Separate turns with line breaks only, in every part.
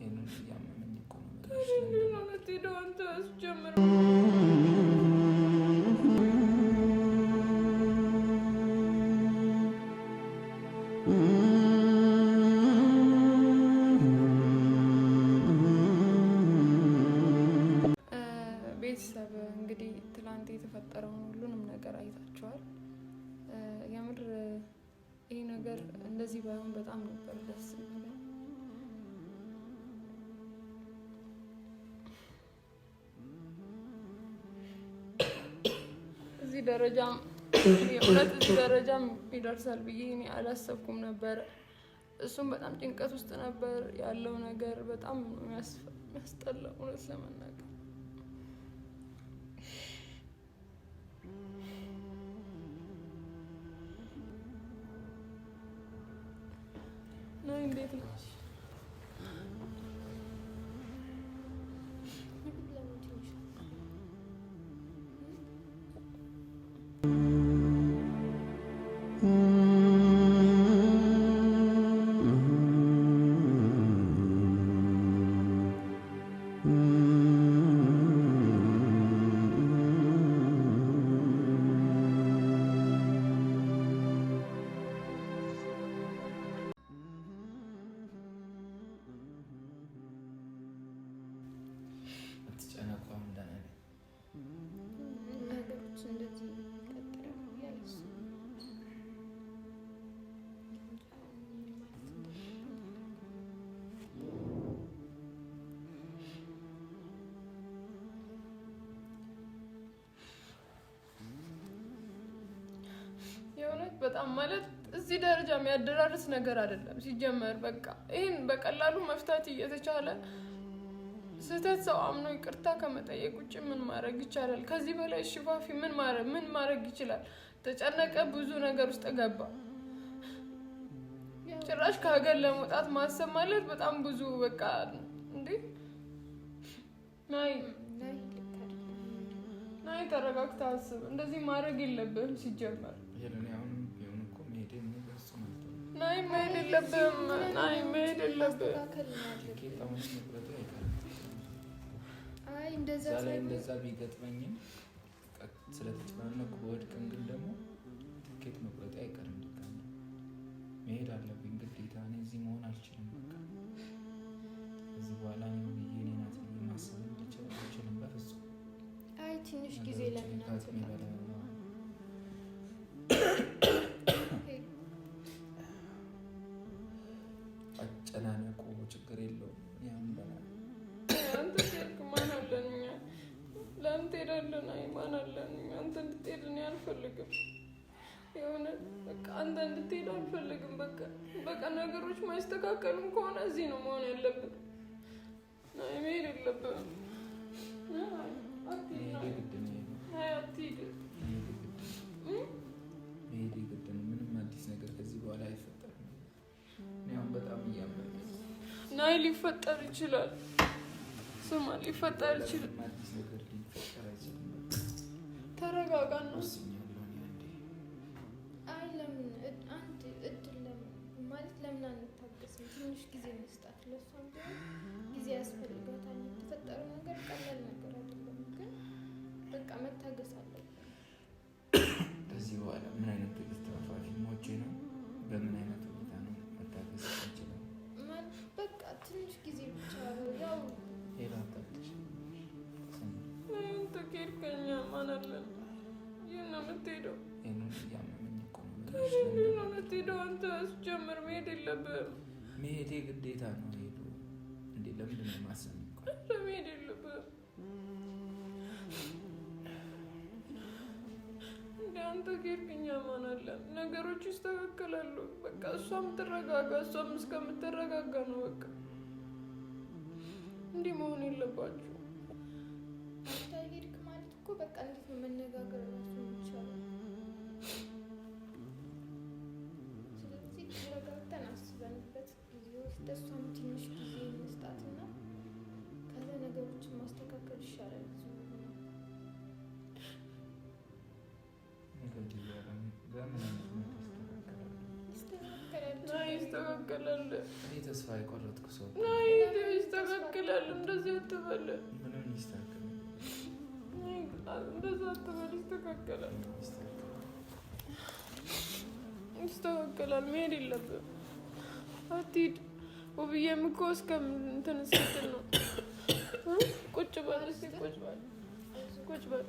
ይህንን
እያመመኝ እኮ ነው። ደረጃም የእውነት እዚህ ደረጃም ይደርሳል ብዬ እኔ አላሰብኩም ነበር እሱም በጣም ጭንቀት ውስጥ ነበር ያለው ነገር በጣም የሚያስጠላ እውነት ለመናገር ነው። እንዴት ነሽ? በጣም ማለት እዚህ ደረጃ የሚያደራርስ ነገር አይደለም። ሲጀመር በቃ ይህን በቀላሉ መፍታት እየተቻለ ስህተት ሰው አምኖ ይቅርታ ከመጠየቅ ውጭ ምን ማድረግ ይቻላል? ከዚህ በላይ ሽፋፊ ምን ምን ማድረግ ይችላል? ተጨነቀ፣ ብዙ ነገር ውስጥ ገባ። ጭራሽ ከሀገር ለመውጣት ማሰብ ማለት በጣም ብዙ በቃ እንዴ! ናይ ናይ፣ ተረጋግተህ አስብ። እንደዚህ ማድረግ የለብህም ሲጀመር ናይ መሄድ የለብህም። ናይ መሄድ
የለብህም። አይ እንደዛ ቢገጥመኝም ስለተጨናነኩ ወድቅን፣ ግን ደግሞ ትኬት መቁረጥ አይቀርም። መሄድ አለብኝ ግዴታ። እኔ እዚህ መሆን አልችልም። በቃ እዚህ በኋላ ናት ማሰብ አልችልም በፍጹም። አይ ትንሽ ጊዜ ለምናት
አለን፣ አይማን አለን። አንተ እንድትሄድ እኔ አልፈልግም። የሆነ በቃ አንተ እንድትሄድ አልፈልግም። በቃ በቃ ነገሮች ማይስተካከልም ከሆነ እዚህ ነው መሆን ያለብን። ናይ መሄድ የለብም። መሄድ የግድ ነው።
ምንም አዲስ ነገር ከዚህ በኋላ አይፈጠርም። ያሁን በጣም እያመመኝ
ናይ ሊፈጠር ይችላል። ስማ ሊፈጠር
ይችላል ዋጋ ነው።
አይ ለምን አንድ እድል ለምን ማለት ለምን አንታገስም? ትንሽ ጊዜ መስጣት ለሷ ጊዜ ያስፈልጋታል። የተፈጠረው ነገር ቀላል ነገር አይደለም፣ ግን በቃ መታገስ አለብን።
ከዚህ በኋላ ምን አይነት ትዕግስት ነው? በምን አይነት ሁኔታ ነው መታገስ
ይችላል? በቃ ትንሽ ጊዜ ብቻ ያው
ምን ማን አለን ይህን
ነው የምትሄደው?
ነው የምትሄደው? አንተ ስጀምር መሄድ
የለብህም። መሄዴ ግዴታ ነው። ሄዱ እንዴ? ለምንድን ነው
ማሰብ? አንተ መሄድ የለብህም አንተ ከሄድክ ማን አለን? ነገሮች ይስተካከላሉ። በቃ እሷም ትረጋጋ። እሷም እስከምትረጋጋ ነው። በቃ እንዲህ መሆን የለባቸው።
እኮ በቃ እንዴት ነው መነጋገር ራሱ የሚቻለው? ስለዚህ ተረጋግተን አስበንበት ጊዜ ውስጥ እሷም ትንሽ ጊዜ ከዛ ነገሮችን ማስተካከል ይሻላል።
ይስተካከላል።
ተስፋ የቆረጥኩ
ሰው ይስተካከላል። እንደዚህ
ምንም ይስተካከላል
ይስተካከላል። መሄድ የለብም አትሂድ። ውብዬም እኮ እስከምንተነሳትን ነው። ቁጭ በል እስኪ ቁጭ በል ቁጭ በል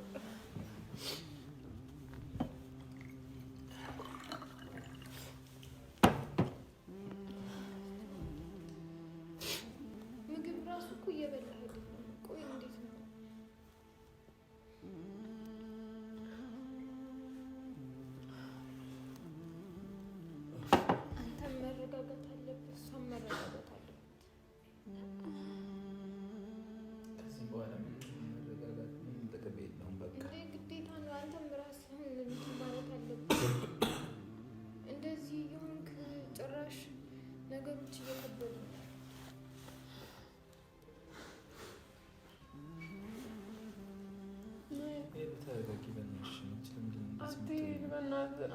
በእናትህ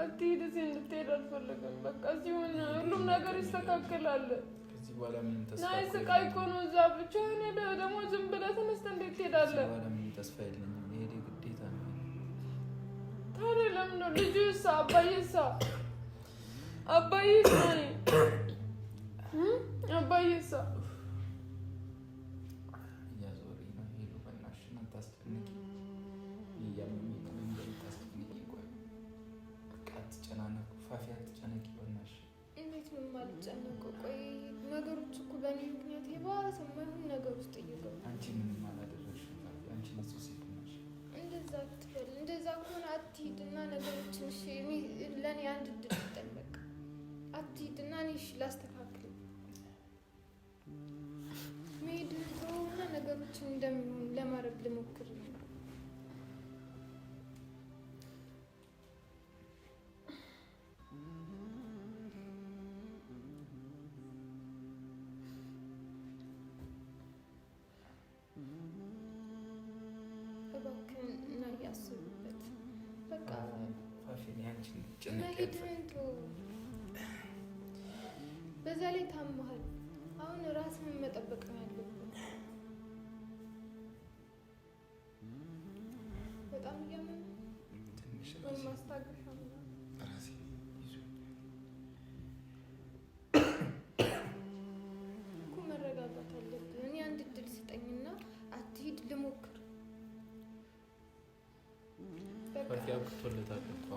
አትሄድ፣ ሁሉም ነገር ይስተካከላል። ናይ ስቃይ እኮ ነው እዛ ብቻህን ሄደህ ደግሞ ዝም ብለህ
ተነስተህ እንዴት ትሄዳለህ?
ታዲያ ለምን ነው ልጁሳ? አባዬሳ? አባዬሳ? አባዬሳ
አልጨነቅ። ቆይ ነገሮች እኮ በእኔ ምክንያት የበኋላ ሰማይሆን ነገር ውስጥ
እየገቡ አንቺ ምንም አላደረግሽም። አንቺ ነሱ
እንደዛ ትበል። እንደዛ ከሆነ አትሂድና ነገሮችን ለእኔ አንድ ድል ይጠበቅ። አትሂድና እኔ እሺ ላስተካክል መሄድ ነገሮችን ለማድረግ ልሞክር በዛ ላይ ታመሃል። አሁን ራስህን መጠበቅ ነው ያለብህ። በጣም እያመመኝ ማስታገሻ እኮ መረጋጋት አለብን። እኔ አንድ እድል ስጠኝና አትሂድ፣ ልሞክር።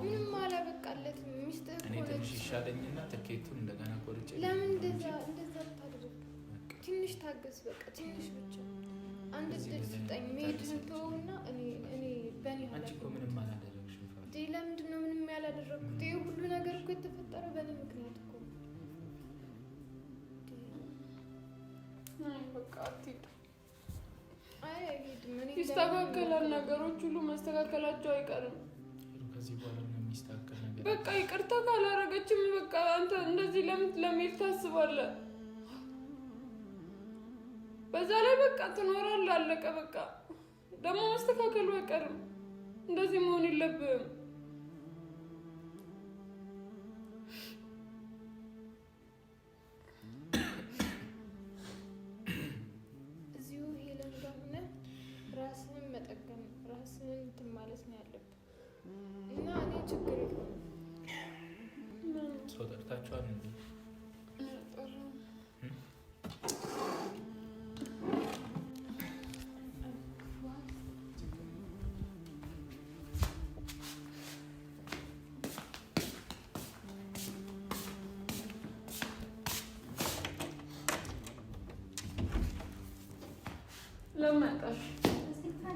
ምንም አላበቃ በቃለት ሚስት
እኔ ትንሽ ይሻለኝና ትኬቱን
እንደገና ቆርጬ ለምን እንደዛ እንደዛ ትንሽ ታገስ፣ በቃ ትንሽ ብቻ አንድ ድል ስጠኝ። እኔ እኔ በእኔ ምንም አላደረግሽም። ለምንድን ነው ምንም ያላደረግኩት? ይህ ሁሉ ነገር እኮ የተፈጠረው በእኔ ምክንያት እኮ
በቃ ይስተካከላል። ነገሮች ሁሉ መስተካከላቸው አይቀርም። የሚስተካከል ነገር በቃ ይቅርታ ካላረገችም በቃ አንተ እንደዚህ ለምን ለሚል ታስባለህ? በዛ ላይ በቃ ትኖራለህ። አለቀ። በቃ ደግሞ መስተካከሉ አይቀርም። እንደዚህ መሆን የለብህም። ይመስላችኋል?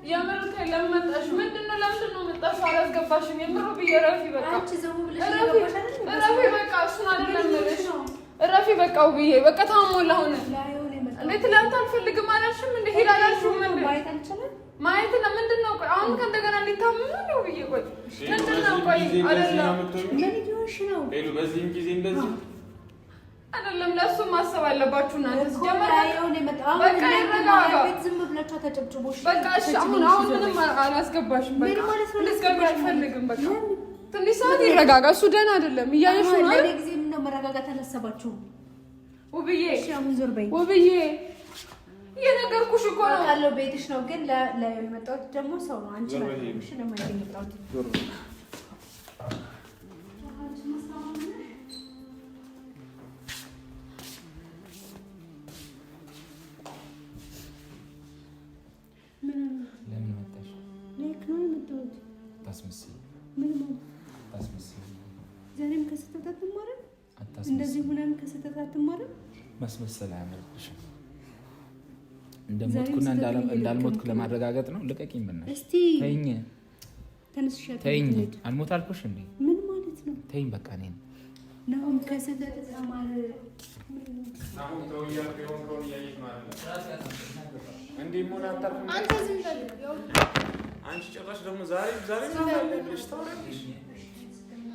የምር ለምን መጣሽ? ምንድን ነው ለምንድን ነው መጣሽ? አላስገባሽም። የምሮ ብዬሽ እረፊ፣ በቃ ረፊ እረፊ በቃ አይደለም እረፊ በቃ ውብዬ በቃ ታሞላ አሁን እንደ ትላንት አልፈልግም አላልሽም? እንደ ሄድ አላልሽም? ማየት ለምንድን ነው? ቆይ አሁን ከእንደገና እንዲታመሙ ነው
ብዬ ቆይ ምንድን ነው? ቆይ አይደለም በዚህም ጊዜ እንደዚህ
አይደለም። ለእሱ ማሰብ አለባችሁ
እናንተ። ሲጀመር
በቃ ይረጋጋ። እሺ፣ አሁን አሁን ምንም አላስገባሽም። በቃ ልስገባ አልፈልግም በቃ ትንሽ ሰዓት ይረጋጋ። እሱ ደህና አይደለም
እያለሽ ነው። ለኔ ጊዜ ምነው መረጋጋት አላሰባችሁም? ውብዬ ውብዬ
እየነገርኩሽ
እኮ ነው ያለው። ቤትሽ ነው ግን ለመጣሁት ደግሞ ሰው ነው።
አንቺ ነው የመጣሁት ማስመሰል አያመልብሽም። እንደሞትኩና እንዳልሞትኩ ለማረጋገጥ ነው።
ልቀቂኝ፣ በእናትሽ
ተይኝ፣ ተይኝ። አልሞት አልኩሽ
እንዴ? ምን ማለት
ነው? ተይኝ፣ በቃ እኔ አንቺ ጭራሽ ደግሞ ዛሬ ዛሬ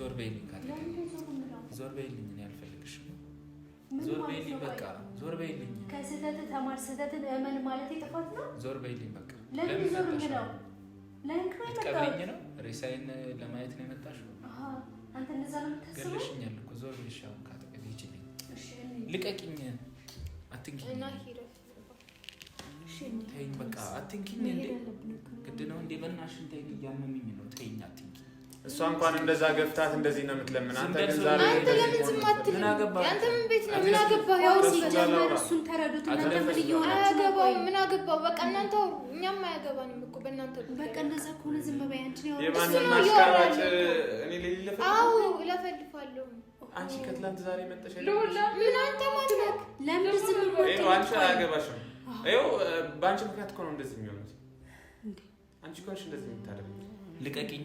ዞር በይልኝ፣ ዞር በይልኝ፣ እኔ አልፈልግሽም። ዞር በይልኝ፣ በቃ ዞር
በይልኝ። ከስህተት ተማር፣ ስህተትን እመን ማለት ጥፋት
ነው። ዞር በይልኝ፣ በቃ
ለምን ዞር ነው?
ልትቀብሪኝ ነው? ሬሳዬን ለማየት ነው የመጣሽው? አንተ እንደዛ ነው የምታስበው? ገለሽኛል እኮ ዞር በይልሽ። አሁን ካጠገብ ሂጂልኝ፣ ልቀቂኝ፣ አትንኪኝ። ተይኝ፣ በቃ አትንኪኝ። እንዴ ግድ ነው እንዴ? በእናትሽን ተይኝ፣ እያመመኝ ነው። ተይኝ፣ አትንኪኝ እሷ እንኳን እንደዛ ገፍታት እንደዚህ ነው የምትለምን። አንተ ግን
ዛሬ አንተ ለምን ዝም አትልም? ምን ቤት ነው? ምን አገባህ? ያው ሲጀመር እሱን ተረዱት። እናንተ ምን እየሆነ አያገባው። ምን አገባው? በቃ እናንተ እኛም አያገባንም እኮ በእናንተ በቃ እንደዛ ከሆነ ዝም በይ አንቺ።
ነው የማንን ማስቀራጭ
እኔ እለፈልፋለሁ።
አንቺ ከትላንት ዛሬ ምን
አንተ ማድረግ ለምን
ዝም አንቺ አያገባሽም። ይኸው በአንቺ ምክንያት እኮ ነው እንደዚህ የሚሆኑት። አንቺ እኮ ነሽ እንደዚህ ልቀቂኝ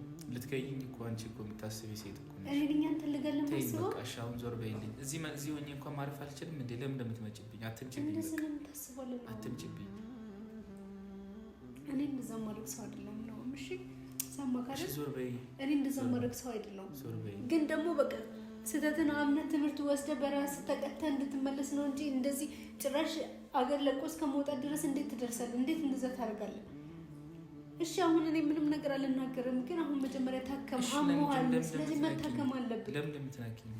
ብትገይኝ እኮ አንቺ እኮ የምታስቢ ሴት እኮ
ነሽ።
ዞር በይልኝ። እዚህ ሆኜ እንኳን ማረፍ አልችልም እንዴ? ለምን እንደምትመጭብኝ? አትምጭብኝ፣ እኔ እንደዛ ሰው ነው። እሺ
ዞር
እኔ
ግን ደግሞ በቃ ስህተትን አምነት ትምህርት ወስደ በራስ ተቀተ እንድትመለስ ነው እንጂ እንደዚህ ጭራሽ አገር ለቆ እስከ ድረስ እንዴት ትደርሳለህ? እንዴት እንደዛ ታደርጋለህ? እሺ አሁን እኔ ምንም ነገር አልናገርም፣ ግን አሁን መጀመሪያ ታከም፣ አሞሃል።
ስለዚህ መታከም አለብን። ለምን ለምትናኪኝ?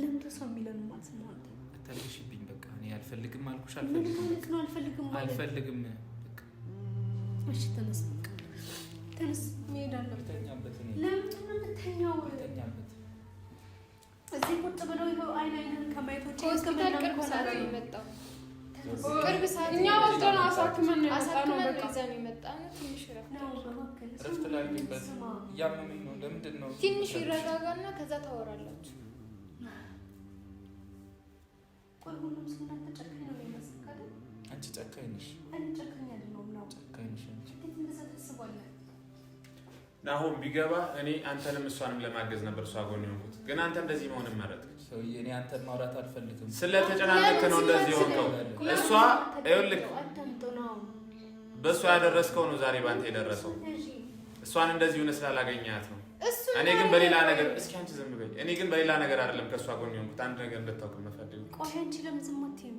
ለምን ተሷ የሚለንም አልሰማሁም።
አታልቅሽብኝ። በቃ እኔ አልፈልግም አልኩሽ። አልፈልግም ማለት ነው። አልፈልግም ማለት አልፈልግም።
እሺ ተነስ፣ ተነስ፣ መሄድ አለብን። ለምንድን ነው የምተኛው? እዚህ ቁጭ ብለው ይኸው አይን አይንን ከማየቶች ሆስፒታል ቅርብ ነው የመጣው ቅርብ ሰዓት እኛ ወስደን አሳክመን
ትንሽ ላግኝበት እያመመኝ ነው። ለምንድን ነው ትንሽ
ይረጋጋና ከዛ ታወራላችሁ።
አንቺ ጨካኝ ነሽ። ቢገባ እኔ አንተንም እሷንም ለማገዝ ነበር እሷ ጎን የሆንኩት፣ ግን አንተ እንደዚህ መሆንም መረጥ ሰውዬ እኔ አንተን ማውራት አልፈልግም። ስለተጨናነቅክ ነው እንደዚህ ሆንከው። እሷ ይኸውልህ በእሷ ያደረስከው ነው ዛሬ ባንተ የደረሰው። እሷን እንደዚህ ሆነ ስላላገኘሃት ነው። እኔ ግን በሌላ ነገር እስኪ አንቺ ዝም በይ። እኔ ግን በሌላ ነገር አይደለም ከእሷ ጎን የሆንኩት አንድ ነገር እንድታውቅ መፈልግ
ቆይ አንቺ ለምን ዝም አትይም?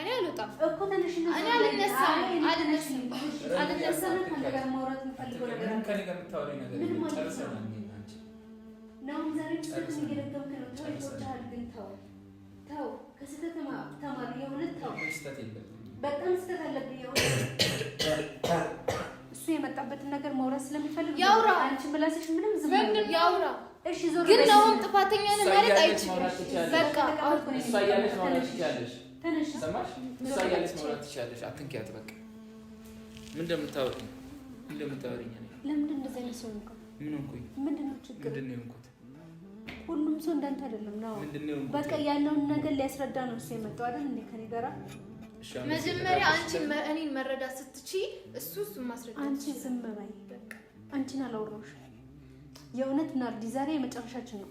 እኔ አልወጣም እኮ ትንሽ እኔ እሱ የመጣበትን ነገር ማውራት ስለሚፈልግ ያውራ። አንቺ ምላስሽ ምንም ዝም ብለው ያውራ። እሺ ዞር ግን፣ አሁን ጥፋተኛ ነው ማለት
አይችልም። በቃ አሁን እሷ እያለች ማውራት ትችያለሽ ሰማሽ? አትንኪያት። በቃ ምን እንደምታወሪ እንደምታወሪኝ
ለምንድን እንደዚህ አይነት ሰው ነው? ምን
ሆንኩኝ? ምንድን ነው ችግር? ምንድን ነው የሆንኩት?
ሁሉም ሰው እንዳንተ አይደለም ነው። በቃ ያለውን ነገር ሊያስረዳ ነው እሱ የመጣው አይደል እንዴ? ከኔ ጋራ መጀመሪያ አንቺ እኔን መረዳት ስትቺ እሱ እሱ ማስረዳት አንቺ ዝም በይ። በቃ አንቺን አላወራሁሽም። የእውነት ናርዲ ዛሬ የመጨረሻችን ነው።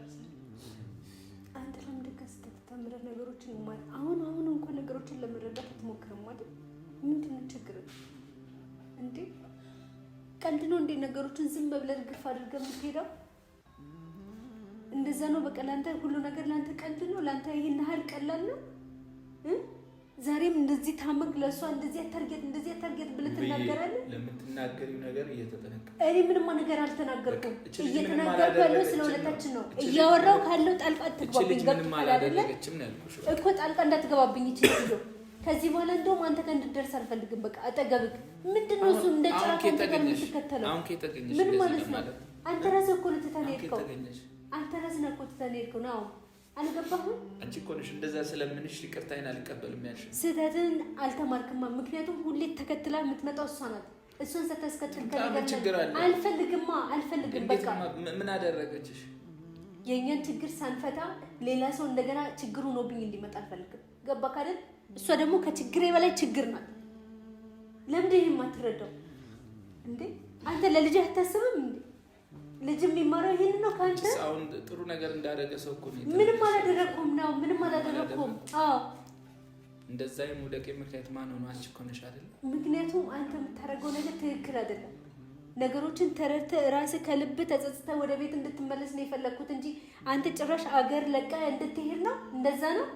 ተለምደህ ነገሮችን ማለት አሁን አሁን እንኳን ነገሮችን ለመረዳት አትሞክርም ማለት ምንድን ችግር እንዴ? ቀልድ ነው እንዴ? ነገሮችን ዝም ብለህ ግፍ አድርገህ የምትሄደው እንደዛ ነው በቃ። ለአንተ ሁሉ ነገር ለአንተ ቀልድ ነው። ለአንተ ይህን ያህል ቀላል ነው። ዛሬም እንደዚህ ታምግ ለእሷ እንደዚህ ታርጌት እንደዚህ ታርጌት ብለህ
ትናገራለህ። ለምትናገሪው ነገር እየተጠነቀቅ እኔ
ምንም ነገር አልተናገርኩም። እየተናገርኩ ያለው ስለ ሁለታችን ነው። እያወራው ካለው ጣልቃ አትግባብኝ። ገብቶሃል አይደለ እኮ ጣልቃ እንዳትገባብኝ ይችል ይዞ ከዚህ በኋላ እንደውም አንተ ጋር እንድደርስ አልፈልግም። በቃ አጠገብህ ምንድን ነው እሱ እንደ
ጫራፍ አንተ ጋር የምትከተለው
ምን ማለት ነው? አንተ ራስህ እኮ ልትተን ሄድከው። አንተ ራስህ ነው እኮ ልትተን ሄድከው ነው አልገባሁም።
አንቺ እኮ ነሽ እንደዛ ስለምንሽ ይቅርታዬን አልቀበልም ያልሽ። ስህተትን አልተማርክማ። ምክንያቱም
ሁሌ ተከትላ የምትመጣው እሷ ናት። እሱን ስታስከትል ችግር አልፈልግማ፣ አልፈልግም።
በቃ ምን አደረገችሽ?
የእኛን ችግር ሳንፈታ ሌላ ሰው እንደገና ችግሩ ሆኖብኝ እንዲመጣ አልፈልግም። ገባ ካደል? እሷ ደግሞ ከችግሬ በላይ ችግር ናት። ለምንድን ይሄ የማትረዳው እንዴ? አንተ ለልጅ አታስብም እንዴ? ልጅ የሚማረው ይህን ነው። ከአንተ አሁን ጥሩ ነገር
እንዳደረገ ሰው እኮ ምንም
አላደረግኩም ነው፣ ምንም አላደረግኩም።
እንደዛ የመውደቄ ምክንያት ማን ሆኖ አንቺ እኮ ነሽ ምክንያቱም አንተ
የምታደርገው ነገር ትክክል አይደለም። ነገሮችን ተረድተህ ራስህ ከልብ ተጸጽተህ ወደ ቤት እንድትመለስ ነው የፈለግኩት እንጂ አንተ ጭራሽ አገር ለቃ እንድትሄድ ነው። እንደዛ ነው።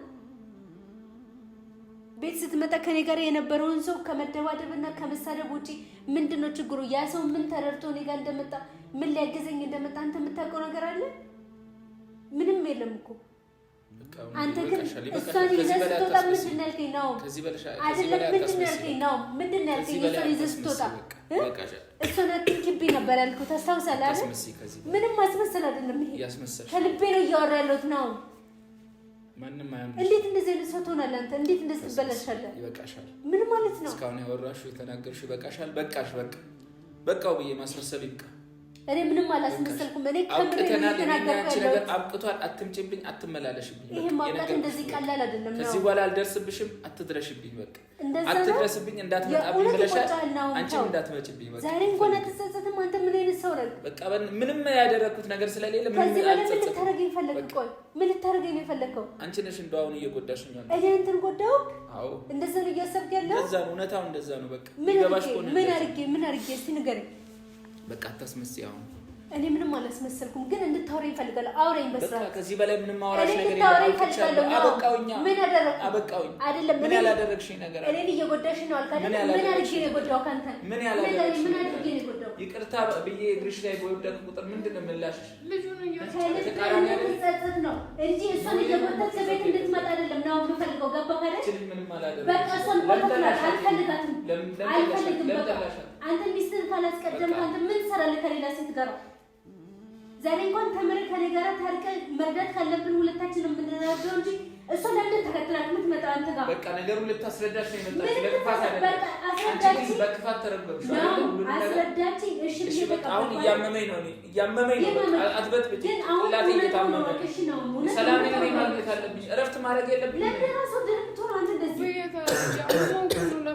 ቤት ስትመጣ ከኔ ጋር የነበረውን ሰው ከመደባደብ ከመሳደብ ውጪ ምንድን ነው ችግሩ? ያ ሰው ምን ተረድቶ እኔ ጋር እንደመጣ ምን ሊያገዘኝ እንደመጣ አንተ የምታውቀው ነገር አለ? ምንም የለም እኮ
አንተ ግን እሷን ይዘህ ስትወጣ ምንድን ነው ያልከኝ? ነው አይደለም?
ምንድን ነው ያልከኝ? ነው ምንድን ነው ያልከኝ? እሷን
ይዘህ ስትወጣ እሷን
አትንኪብኝ ነበር ያልከው። ታስታውሳለህ አይደል? ምንም ማስመሰል አይደለም ይሄ ከልቤ ነው እያወራ ያለሁት ነው። እንዴት እንደዚህ አይነት ሰው ትሆናለህ አንተ? እንዴት እንደዚህ ትበላሻለህ? ምን ማለት ነው? እስካሁን
ያወራሽው የተናገርሽው ይበቃሻል። በቃሽ፣ በቃ በቃው ብዬ ማስመሰል ይብቃ
እኔ ምንም አላስመሰልኩም። እኔ
ነገር አብቅቷል። አትምጭብኝ፣ አትመላለሽብኝ። ይህ ማብቃት
እንደዚህ ቀላል
አይደለም። ከዚህ በኋላ አልደርስብሽም፣ አትድረሽብኝ። በቃ አትድረስብኝ፣ እንዳትመጣብኝ ብለሻል። አንቺም እንዳትመጭብኝ። በቃ ዛሬ እንኳን
አትጸጸትም። አንተ ምን አይነት ሰው ነህ? በቃ
ምንም ያደረግኩት ነገር ስለሌለ ከዚህ በላይ
ምን ልታደርገኝ ፈለግህ? ቆይ ምን ልታደርገኝ ነው የፈለግከው? አንቺ
ነሽ እንደው አሁን እየጎዳሽኝ ያለው። እኔ እንትን
ጎዳው? አዎ እንደዛ ነው እያሰብክ ያለው።
እንደዛ ነው፣ እውነታው እንደዛ ነው። በቃ
ምን አድርጌ ምን አድርጌ እስኪ ንገረኝ
በቃ አታስመስይ። አሁን
እኔ ምንም አላስመሰልኩም፣ ግን እንድታወሪ ይፈልጋለሁ። አውሪኝ በስራ
ከዚህ በላይ ምንም አወራሽ ነገር የለም። አበቃውኛ። ምን
አደረግኩ? አበቃውኝ።
አይደለም ምን ያላደረግሽኝ
ነገር እኔን እየጎዳሽ ነው አልካ። ምን አድርጌ ነው የጎዳው? ካንተ ምን ያላደረግሽ? ምን አድርጌ ነው የጎዳው?
ይቅርታ ብዬ እግርሽ ላይ በወደቅ ቁጥር ምንድን ነው የምላሽሽ? ነው እንጂ እሷን እየጎተት
ቤት እንድትመጣ አይደለም ነው የምፈልገው። ገባ
ካለች ምንም አላደረግሽም።
በቃ እሷን ቆጥታ አልፈልጋትም አልፈልግም። በቃ አንተ ሚስትህን ካላስቀደምክ አንተ ምን ትሰራለህ ከሌላ ሴት ጋር? ዛሬ እንኳን ተምረህ ከኔ ጋር ታርቀህ መርዳት ካለብን ሁለታችንም የምንናገረው እንጂ እሱ ለምን ተከትላት የምትመጣው አንተ
ጋር? በቃ ነገሩ ልታስረዳሽ ነው የመጣችው። በክፋት ተረበብሽ። እሺ በቃ እያመመኝ ነው እያመመኝ ነው። አትበጥብጭ። ጭንቅላቴ እየታመመ ሰላም ማግኘት አለብኝ። እረፍት ማድረግ የለብኝም።
ለምን ራሱ ድርቶ አንተ እንደዚህ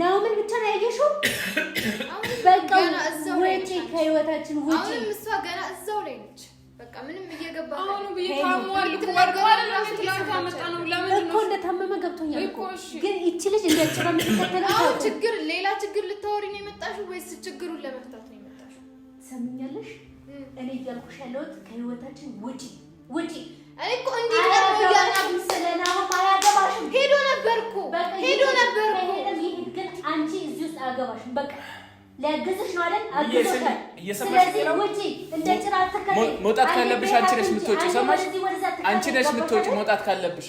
ናኦምን ብቻ ነው ያየሽው? በቃ ወጪ ከህይወታችን ውጪ። አሁንም እሷ ገና እዛው ላይ ነች። በቃ ምንም እየገባ አሁን እኮ እንደታመመ ገብቶኛል እኮ ግን ይቺ ልጅ እንደጭራ ምትከተለው ችግር፣ ሌላ ችግር ልታወሪ ነው የመጣሽው ወይስ ችግሩን ለመፍታት ነው የመጣሽው? ሰምኛለሽ፣ እኔ እያልኩሽ ያለሁት ከህይወታችን ውጪ ውጪ ሄዶ ነበር እኮ ሄዶ እዚህ ውስጥ አገባሽም በቃ ሊያግዝሽ ነው አይደል? አግዞታል። መውጣት
ካለብሽ አንቺ ነሽ የምትወጪው። ሰማሽ? አንቺ ነሽ የምትወጪው መውጣት ካለብሽ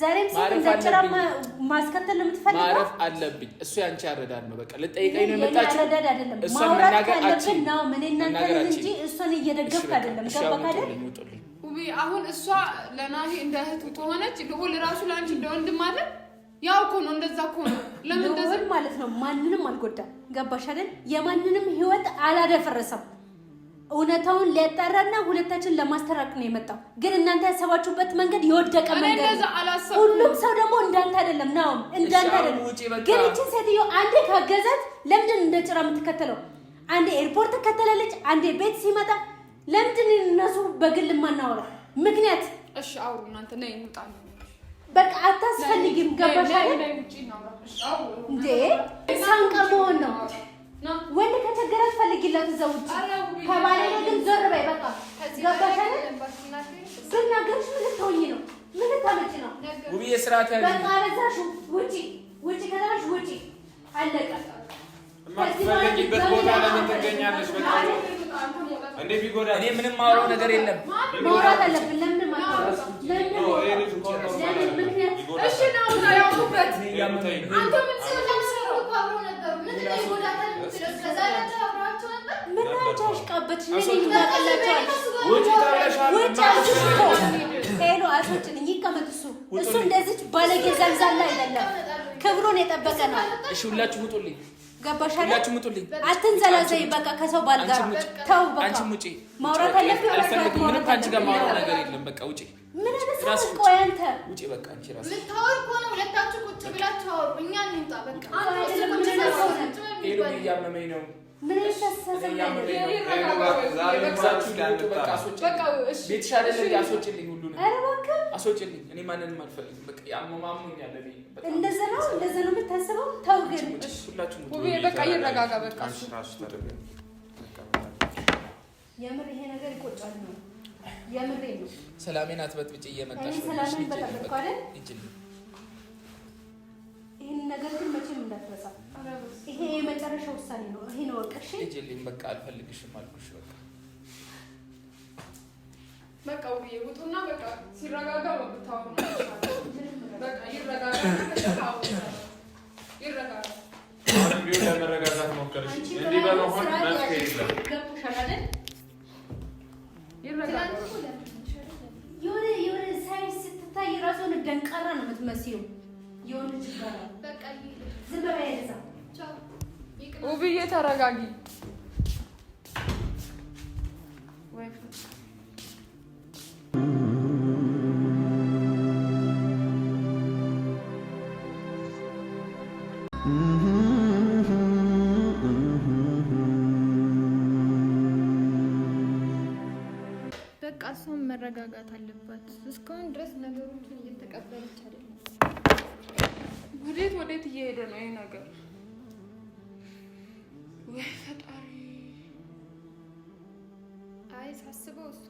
ዛሬም
ሲል እንደ ጭራማ ማስከተል የምትፈልገው ማረፍ አለብኝ።
እሱ ያንቺ ያረዳድ ነው። በቃ ልጠይቀኝ ነው የመጣችው። ያረዳድ አይደለም ማውራት
ካለብን ነው። ምን እናንተን እንጂ እሱን እየደገፍክ አይደለም።
ገባክ አይደል?
አሁን እሷ ለናሂ እንደ እህቱ ከሆነች ልዑል ራሱ ለአንቺ እንደ ወንድም አለ። ያው እኮ ነው። እንደዛ እኮ ነው። ለምን እንደዚህ ማለት ነው? ማንንም አልጎዳም። ገባሽ አይደል? የማንንም ህይወት አላደፈረሰም። እውነታውን ሊያጣራና ሁለታችን ለማስተራቅ ነው የመጣው። ግን እናንተ ያሰባችሁበት መንገድ የወደቀ መንገድ። ሁሉም ሰው ደግሞ እንዳንተ አይደለም ነው እንዳንተ አይደለም። ግን እቺን ሴትዮ አንዴ ካገዛት ለምንድን እንደ ጭራ የምትከተለው? አንዴ ኤርፖርት ትከተላለች፣ አንዴ ቤት ሲመጣ። ለምንድን እነሱ በግል ማናወራ ምክንያት? እሺ አውሩ እናንተ ነይ እንውጣ። በቃ አታስፈልጊም። ገባሽ አይደል እንዴ? ሳንቀ መሆን ነው ወንድ ከቸገረ ትፈልጊላት እዛ ውጭ ከባለ ግን ዞር በይ በቃ ገባሻለ። ብናገርሽ ምን ልትሆኚ ነው? ምን ልታመጪ ነው? ውብዬ ስርዓት ያለ በቃ በዛሽ ውጪ ውጪ ከዛሽ ውጪ አለቀ።
የማትፈልጊበት ቦታ ለምን ትገኛለሽ? እንዴ ቢጎዳ እኔ ምንም ማውራው ነገር የለም።
ማውራት አለብን። ለምን ማውራት ለምን ለምን ምክንያት እሺ ነው ያውቁበት አንተ ምን እሱ እንደዚች ባለጌ ዘልዛላ አይደለም፣ ክብሩን የጠበቀ ነው።
እሺ ሁላችሁም ውጡልኝ። ገባሽ አይደል? ውጡልኝ። አትንዘላዘይ። በቃ ከሰው ባል ጋር ተው። በቃ ማውራት አለብኝ። ምንም ከአንቺ ጋር ማውራት ነገር የለም። በቃ
ውጪ ውጭ አነሳህ? በቃ አንቺ ራስሽ ልታወር እኮ ነው። ሁለታችሁ ቁጭ ብላችሁ አወሩ። እኛ እንምጣ በቃ።
እያመመኝ ነው።
ምን አስወጪልኝ፣ ሁሉንም
አስወጪልኝ። እኔ ማንንም አልፈልግም። በቃ ያመማሙኛል።
በቃ ይረጋጋ። በቃ የምር ይሄ ነገር ይቆጫል ነው
ሰላሜን አትበጥብጭ እየመጣሽ
ይህን ነገር ግን መቼም እንዳትረሳ። ይሄ የመጨረሻ ውሳኔ ነው። ይሄ ነው
ወቅሽ። እጅልኝ በቃ አልፈልግሽም አልኩሽ።
በቃ በቃ ውብዬ ውጡና በቃ ሲረጋጋ በምታወሩ በቃ ይረጋጋ ይረጋጋ
ለመረጋጋት ሞከረሽ እንዲህ በመሆን መፍትሄ
የለም። ገብቶሻል አይደል? የሆነ ሳይንስ ስትታይ ራሱ የሆነ ደንቃራ ነው የምትመስለው። የሆነች ዝም በይ ውብዬ ተረጋጊ። ወይ ነው ይሄ ነገር። ወይ ፈጣሪ! አይ ሳስበው እሷ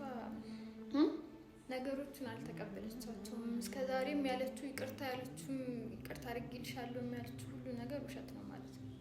አልተቀበለቻቸውም። እስከ ዛሬም ያለችው ይቅርታ ያለችውም ይቅርታ አድርጌልሻለሁ ሁሉ ነገር ውሸት ነው ማለት ነው።